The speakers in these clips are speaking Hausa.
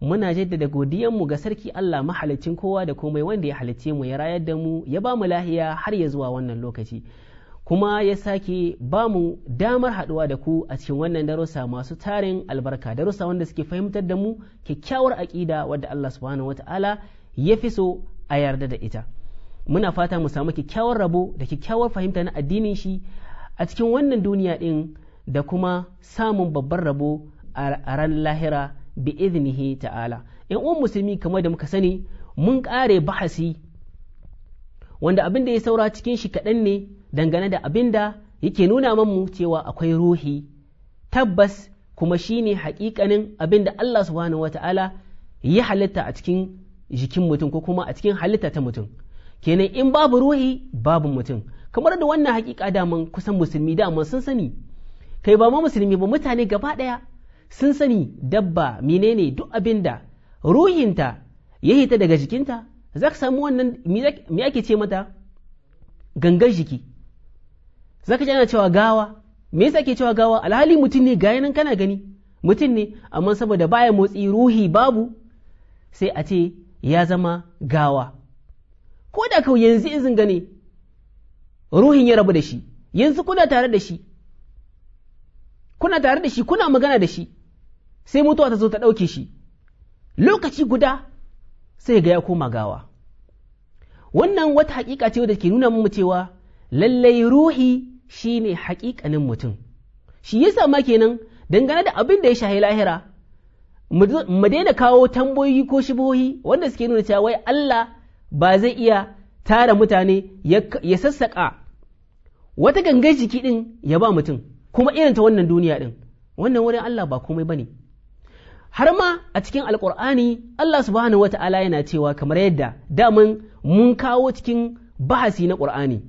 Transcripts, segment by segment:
muna jaddada godiyanmu ga sarki Allah mahalicin kowa da komai wanda ya halicce mu ya rayar da mu ya ba mu lahiya har ya zuwa wannan lokaci kuma ya sake ba mu damar haɗuwa da ku a cikin wannan darussa masu tarin albarka darussa wanda suke fahimtar da mu kyakkyawar aƙida wadda Allah subhanahu wata'ala ya fi so a yarda da ita muna fata mu samu kyakkyawar rabo da kyakkyawar fahimta na addinin shi a cikin wannan duniya ɗin da kuma samun babban rabo a ran lahira bi iznihi ta'ala in uwan musulmi kamar da muka sani mun kare bahasi wanda abin da ya saura cikin shi kaɗan ne dangane da abin da yake nuna mu cewa akwai ruhi tabbas kuma shi ne haƙiƙanin abin da Allah subhanahu wa ta'ala ya halitta a cikin jikin mutum ko kuma a cikin halitta ta mutum kenan in babu ruhi babu mutum kamar da wannan haƙiƙa daman kusan musulmi daman sun sani kai ba ma musulmi ba mutane gaba ɗaya sun sani dabba menene duk abin da ruhinta ya hita daga jikinta za ka samu wannan me ake ce mata gangan jiki za ka ji cewa gawa me yasa ake cewa gawa alhali mutum ne ga nan kana gani mutum ne amma saboda baya motsi ruhi babu sai a ce ya zama gawa ko da kau yanzu in gane ruhin ya rabu da shi yanzu kuna tare da kuna tare da shi kuna magana da shi sai mutuwa ta zo ta ɗauke shi lokaci guda sai ga ya koma gawa wannan wata hakika ce wadda ke nuna mu cewa lallai ruhi shine hakikanin mutum shi yasa ma kenan dangane da abin da ya shahi lahira mu daina kawo tambayoyi ko shibohi wanda suke nuna cewa wai Allah ba zai iya tara mutane ya sassaƙa wata gangar jiki ɗin ya ba mutum kuma irin ta wannan duniya din wannan wurin Allah ba komai bane har ma a cikin alkur'ani Allah subhanahu yana cewa kamar yadda daman mun kawo cikin bahasi na ƙur'ani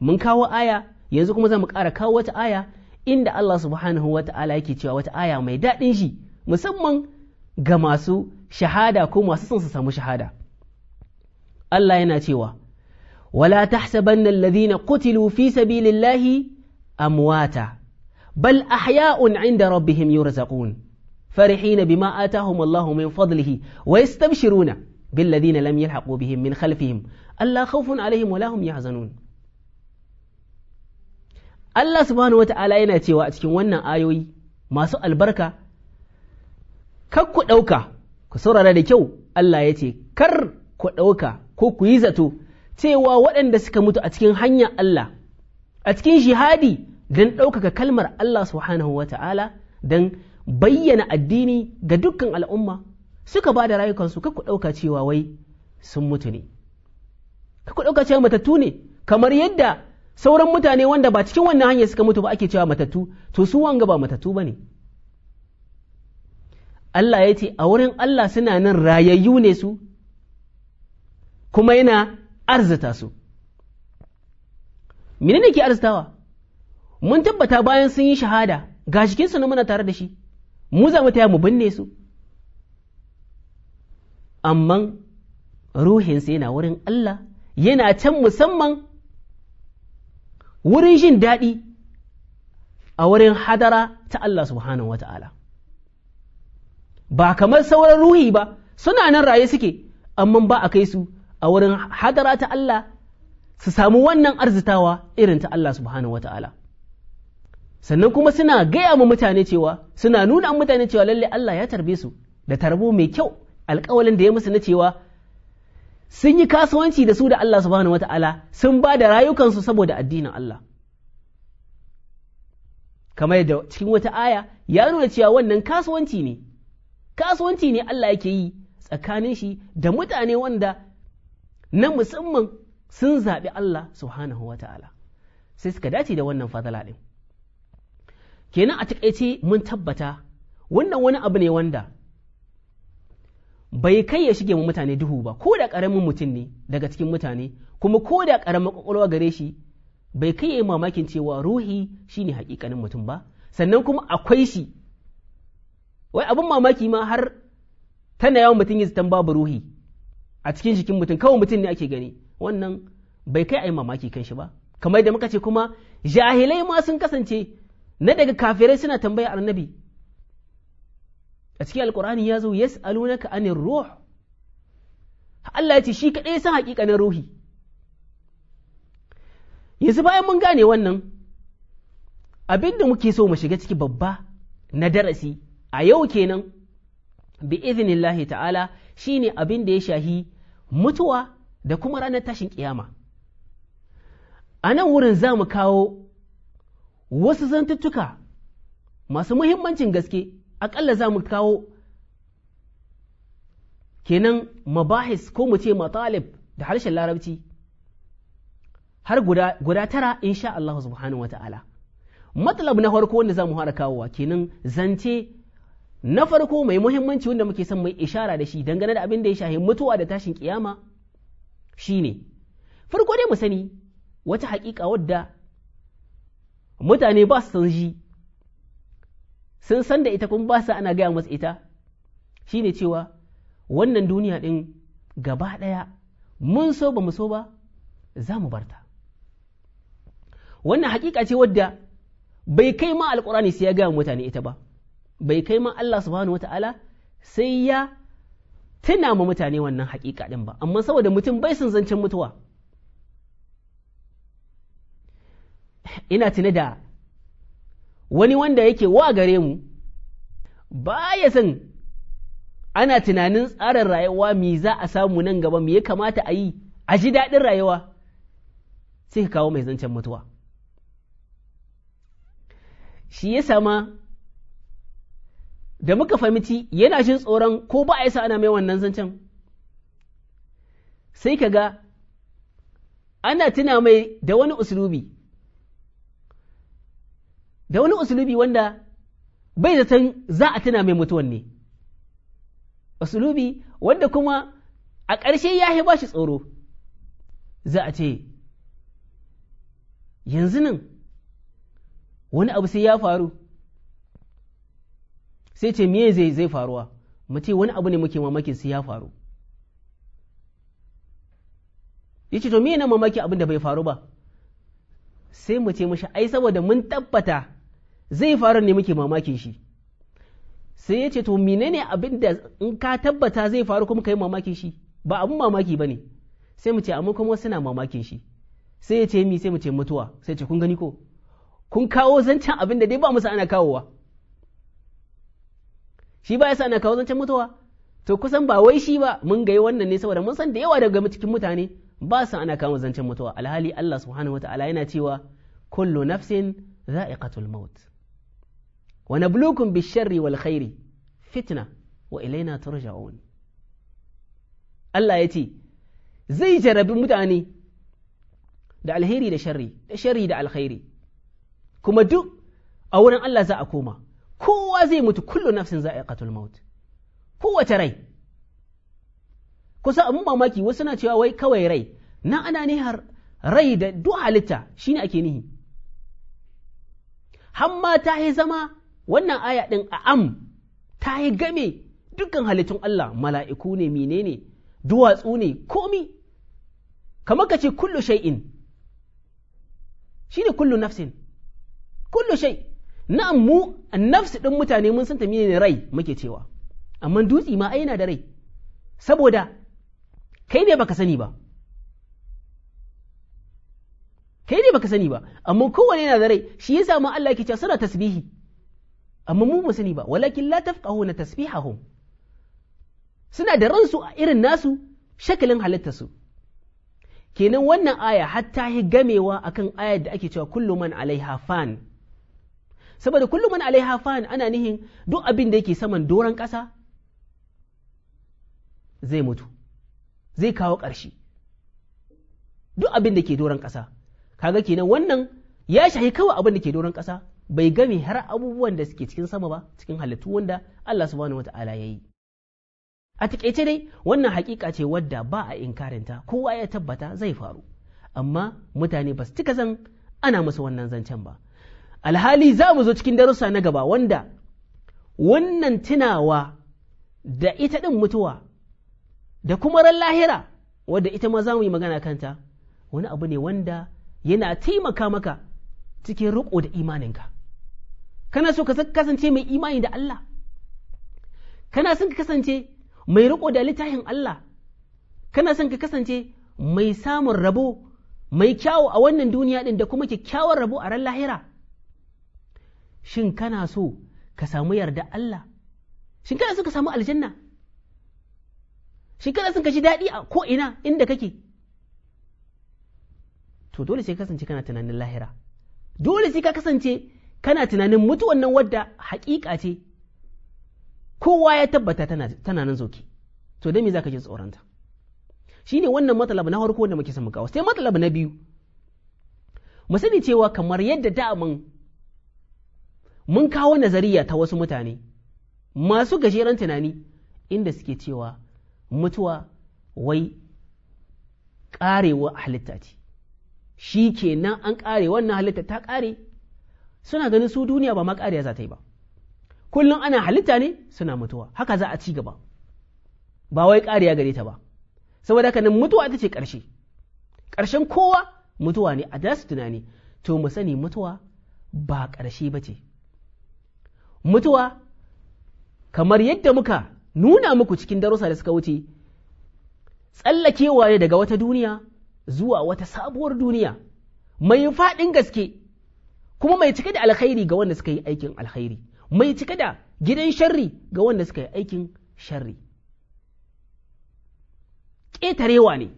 mun kawo aya yanzu kuma za mu ƙara kawo wata aya inda Allah subhanahu wata'ala yake cewa wata aya mai daɗin shi musamman ga masu shahada ko masu son su samu shahada Allah yana cewa wala tahsabanna alladhina qutilu fi sabilillahi amuwata bal ahya'un 'inda rabbihim yurzaqun فرحين بما آتاهم الله من فضله ويستبشرون بالذين لم يلحقوا بهم من خلفهم ألا خوف عليهم ولا هم يحزنون Allah subhanahu wata'ala yana cewa a cikin wannan ayoyi masu albarka kar ku ɗauka ku saurara da kyau Allah ya ce kar ku ɗauka ko ku yi zato cewa waɗanda suka mutu a cikin hanya Allah a cikin shihadi don ɗaukaka kalmar Allah subhanahu wata'ala don bayyana addini ga dukkan al'umma suka ba da rayukansu kakku ɗauka cewa wai sun mutu ne kakku ɗauka cewa matattu ne kamar yadda sauran mutane wanda ba cikin wannan hanyar suka mutu ba ake cewa matattu to su wanga ba matattu ba ne Allah ya ce a wurin Allah suna nan rayayyu ne su kuma yana arzita su menene ke arzitawa mun tabbata bayan sun yi shahada ga jikinsu na muna tare da shi mu za mu taya mu binne su amma ruhinsa yana wurin Allah yana can musamman wurin jin daɗi a wurin hadara ta Allah subhanahu wata'ala ba kamar sauran ruhi ba suna nan raye suke amma ba a kai su a wurin hadara ta Allah su samu wannan arzitawa irin ta Allah subhanahu wata'ala sannan kuma suna gaya mu mutane cewa suna nuna mutane cewa lalle Allah ya tarbe su da tarbo mai kyau alƙawalin da ya musu na cewa sun yi kasuwanci da su da Allah subhanahu wata'ala sun ba da rayukansu saboda addinin Allah kamar yadda cikin wata aya ya nuna cewa wannan kasuwanci ne kasuwanci ne Allah yake yi tsakanin shi da mutane wanda na musamman sun zaɓi Allah subhanahu wata'ala sai suka dace da wannan fadala ɗin kenan a takaice mun tabbata wannan wani abu ne wanda bai kai ya shige mu mutane duhu ba ko da ƙaramin mutum ne daga cikin mutane kuma ko da ƙaramin ƙwaƙwalwa gare shi bai kai ya yi mamakin cewa ruhi shine hakikanin mutum ba sannan kuma akwai shi wai abin mamaki ma har tana yawan mutum ya zitan babu ruhi a cikin jikin mutum kawai mutum ne ake gani wannan bai kai a yi mamaki kan shi ba kamar da muka ce kuma jahilai ma sun kasance na daga kafirai suna tambaya annabi a cikin alkur'ani ya zo 'Yas' alunaka anir ruh Allah ya ce shi kaɗai ya san hakikanin ruhi yanzu bayan mun gane wannan abin da muke so mu shiga ciki babba na darasi a yau kenan bi iznillahi ta'ala shine abin da ya shahi mutuwa da kuma ranar tashin kiyama a nan wurin za mu kawo wasu zantuttuka masu muhimmancin gaske akalla za mu kawo kenan mabahis ko mu ce matalib da harshen larabci har guda tara insha Allah subhanahu wata'ala matlab na farko wanda za mu fara kawowa kenan zance na farko mai muhimmanci wanda muke son mai ishara da shi dangane da abin da ya shahi mutuwa da tashin kiyama shine farko dai mu sani wata haƙiƙa wadda mutane ba su san shi sun san da ita kuma ba su ana gaya masa ita shi ne cewa wannan duniya ɗin gaba ɗaya mun so ba mu so ba za mu barta wannan hakika ce wadda bai kai ma alkurani sai ya gaya mutane ita ba bai kai ma Allah subhanahu wata'ala sai ya tuna ma mutane wannan hakika ɗin ba amma saboda mutum bai sun zancen mutuwa ina tuna da wani wanda yake wa gare mu ba ya san ana tunanin tsarin rayuwa me za a samu nan gaba me ya kamata a yi a ji daɗin rayuwa sai ka kawo mai zancen mutuwa shi ya sama da muka fahimci yana jin tsoron ko ba a yasa ana mai wannan zancen sai ka ga ana tuna mai da wani usulubi. da wani usulubi wanda bai zaton za a tuna mai mutuwan ne usulubi wanda kuma a ƙarshe ya ba shi tsoro za a ce yanzu nan wani abu sai ya faru sai ce me zai zai faruwa mu ce wani abu ne muke mamakin sai ya faru Ya ce to me na mamaki abin da bai faru ba sai mu ce mashi, ai saboda mun tabbata zai faru ne muke mamakin shi sai ya ce to menene abin da in ka tabbata zai faru kuma ka yi mamakin shi ba abin mamaki ba ne sai mu ce amma kuma wasu na mamakin shi sai ya ce mi sai mu ce mutuwa sai ce kun gani ko kun kawo zancen abin da dai ba musu ana kawowa shi ba yasa ana kawo zancen mutuwa to kusan ba wai shi ba mun ga wannan ne saboda mun san da yawa daga cikin mutane ba su ana kawo zancen mutuwa alhali Allah subhanahu wataala yana cewa kullu nafsin za'iqatul maut wa nablukum bisharri wal khairi fitna wa ilaina turja'un Allah ya ce zai jarabi mutane da alheri da sharri da shari da alheri. kuma duk a wurin Allah za a koma kowa zai mutu kullu nafsin za'iqatul maut kowace rai kusa abin mamaki wasu na cewa wai kawai rai na ana har rai da duk halitta ne ake nihi hamma ta yi zama wannan aya ɗin a am ta yi game dukkan halittun Allah mala'iku ne menene duwatsu ne komi kamar ka ce kullu shay'in shine kullu nafsin kullu shay na'am mu nafsi ɗin mutane mun san ta menene rai muke cewa amma dutse ma ai yana da rai saboda kai ne baka sani ba kai ne baka sani ba amma kowane yana da rai shi yasa ma Allah yake cewa suna tasbihi amma mu mu sani ba walakin la na tasbihahum suna da ransu a irin nasu shakalin halittarsu kenan wannan aya hatta yi gamewa akan ayar da ake cewa kullu man alaiha fan saboda kullu man alaiha fan ana nihin duk abin da yake saman doran kasa zai mutu zai kawo ƙarshe duk abin da ke doron ƙasa kaga kenan wannan ya shahi kawai abin da ke doron ƙasa bai gami har abubuwan da suke cikin sama ba cikin halittu wanda Allah subhanahu wata'ala ya yi a takaice dai wannan hakika ce wadda ba a inkarinta kowa ya tabbata zai faru amma mutane ba su cika zan ana musu wannan zancen ba alhali za mu zo cikin darussa na gaba wanda wannan tunawa da ita ɗin mutuwa da kuma ran lahira wadda ita ma za mu yi magana kanta wani abu ne wanda yana taimaka maka cikin riƙo da imaninka kana so ka kasance mai imani da Allah kana son ka kasance mai riko da littafin Allah kana son ka kasance mai samun rabo mai kyawu a wannan duniya din da kuma kyakkyawar rabo a ran lahira shin kana so ka samu yarda Allah shin kana so ka samu aljanna shin kana son ka ji daɗi a ko ina inda kake to dole sai kasance kana tunanin lahira dole sai ka kasance kana tunanin mutuwan nan wadda haƙiƙa ce kowa ya tabbata tana nan zoki to dai me zaka ji tsoronta shine wannan matalab na farko da muke samu kawo sai matalab na biyu mu sani cewa kamar yadda da mun mun kawo nazariya ta wasu mutane masu gajeren tunani inda suke cewa mutuwa wai ƙarewa halitta ce shi kenan an ƙare wannan halitta ta ƙare suna ganin su duniya ba ma za ta yi ba kullum ana halitta ne suna mutuwa haka za a ci gaba ba wai ƙariya gare ta ba saboda haka nan mutuwa ita ce ƙarshe ƙarshen kowa mutuwa ne a dasu tunani to mu sani mutuwa ba ƙarshe ba ce mutuwa kamar yadda muka nuna muku cikin darussa da suka wuce tsallakewa ne daga wata duniya zuwa wata sabuwar duniya mai faɗin gaske kuma mai cike da alkhairi ga wanda suka yi aikin alkhairi mai cike da gidan sharri ga wanda suka yi aikin sharri ƙetarewa ne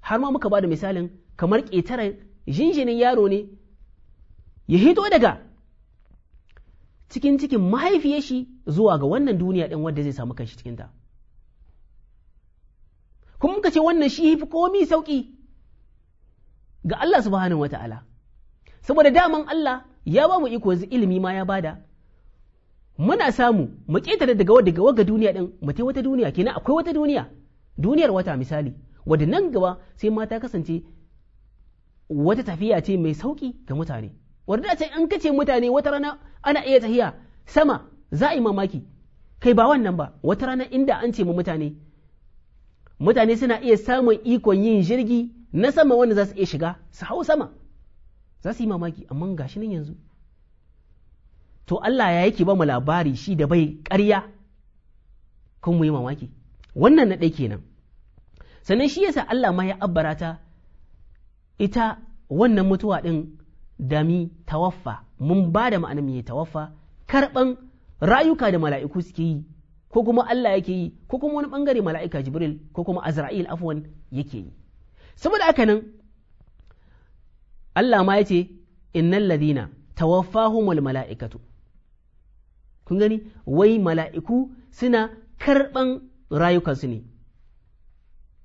har ma muka ba da misalin kamar ƙetaren jinjinin yaro ne ya hito daga cikin cikin mahaifiyar shi zuwa ga wannan duniya ɗin wanda zai samu kanshi cikinta kuma muka ce wannan shi fi komi sauƙi ga Allah subhanahu Ta'ala. saboda daman Allah ya ba mu iko yanzu ilimi ma ya bada muna samu mu ƙetare daga daga waga duniya din mu tai wata duniya kenan akwai wata duniya duniyar wata misali wadda nan gaba sai mata kasance wata tafiya ce mai sauki ga mutane wadda ce an kace mutane wata rana ana iya tafiya sama za a yi mamaki kai ba wannan ba wata rana inda an ce mu mutane mutane suna iya samun ikon yin jirgi na sama wanda za su iya shiga su hau sama za su yi mamaki amma shi nan yanzu to Allah ya yake ba mu labari shi da bai ƙarya kun mu yi mamaki wannan na ɗaya kenan sannan shi yasa Allah ma ya abbara ta ita wannan mutuwa ɗin dami tawaffa mun ba da ma'anar mai tawaffa karɓan rayuka da mala'iku suke yi ko kuma Allah yake yi ko kuma wani ɓangare mala'ika Jibril ko kuma Azra'il afwan yake yi saboda haka nan Allah ma ya ce innal ladina tawaffahumul mala'ikatu kun gani wai mala'iku suna karɓan rayukansu ne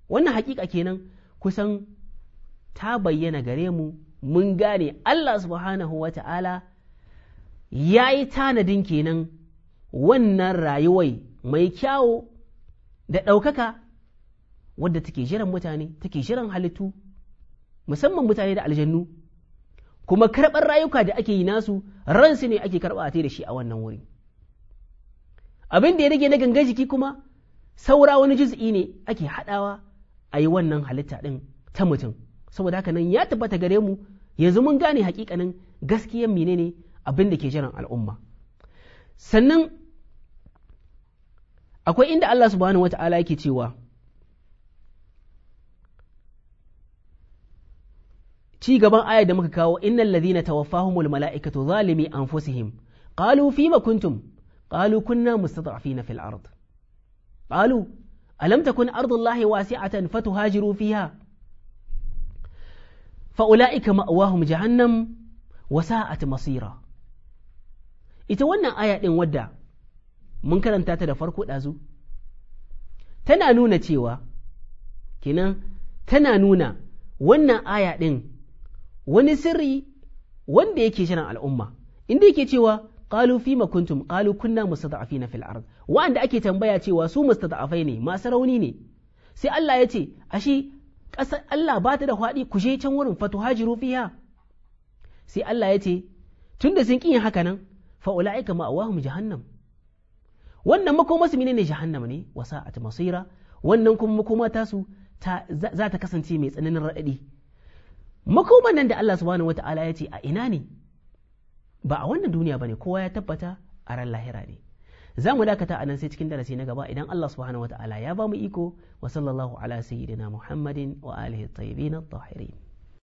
wannan haƙiƙa kenan kusan ta bayyana gare mu mun gane Allah subhanahu wa ta'ala ya yi tanadin kenan wannan rayuwai mai kyawo da ɗaukaka wadda take jiran mutane take jiran halittu musamman mutane da aljannu kuma karɓar rayuka da ake yi nasu ransu ne ake karɓa a da shi a wannan wuri abin da ya rage na ganga jiki kuma saura wani juz'i ne ake haɗawa a yi wannan halitta ɗin ta mutum saboda haka nan ya tabbata gare mu yanzu mun gane hakikanin gaskiyan menene abin da ke jiran al'umma sannan akwai inda Allah subhanahu wata'ala yake cewa ci gaban aya da muka kawo innal ladhina tawaffahumul mala'ikatu zalimi anfusihim qalu fima kuntum qalu kunna mustad'afina fil ard qalu alam takun ardullahi wasi'atan fatuhajiru fiha fa ulaika ma'wahum jahannam wa masira ita wannan aya din wadda mun karanta ta da farko dazu tana nuna cewa kenan tana nuna wannan aya din wani sirri wanda yake shirin al'umma inda yake cewa qalu fima kuntum qalu kunna mustada'afina fil ard wa'anda ake tambaya cewa su mustada'afai ne masu rauni ne sai Allah ya ce ashe ƙasar Allah ba ta da faɗi ku je can wurin fatuhajiru fiha sai Allah ya ce tunda sun ƙi haka nan fa ula'ika ma'awahum jahannam wannan su menene jahannam ne wasa at masira wannan kuma makoma tasu ta za ta kasance mai tsananin raɗaɗi makoman nan da Allah subhanahu wata'ala ya ce a ina ne ba a wannan duniya ba ne kowa ya tabbata a ran lahira ne za mu dakata a nan sai cikin darasi na gaba idan Allah subhanahu wata'ala ya ba mu iko wa sallallahu ala sayyidina Muhammadin wa alihi tayyibin at-tahirin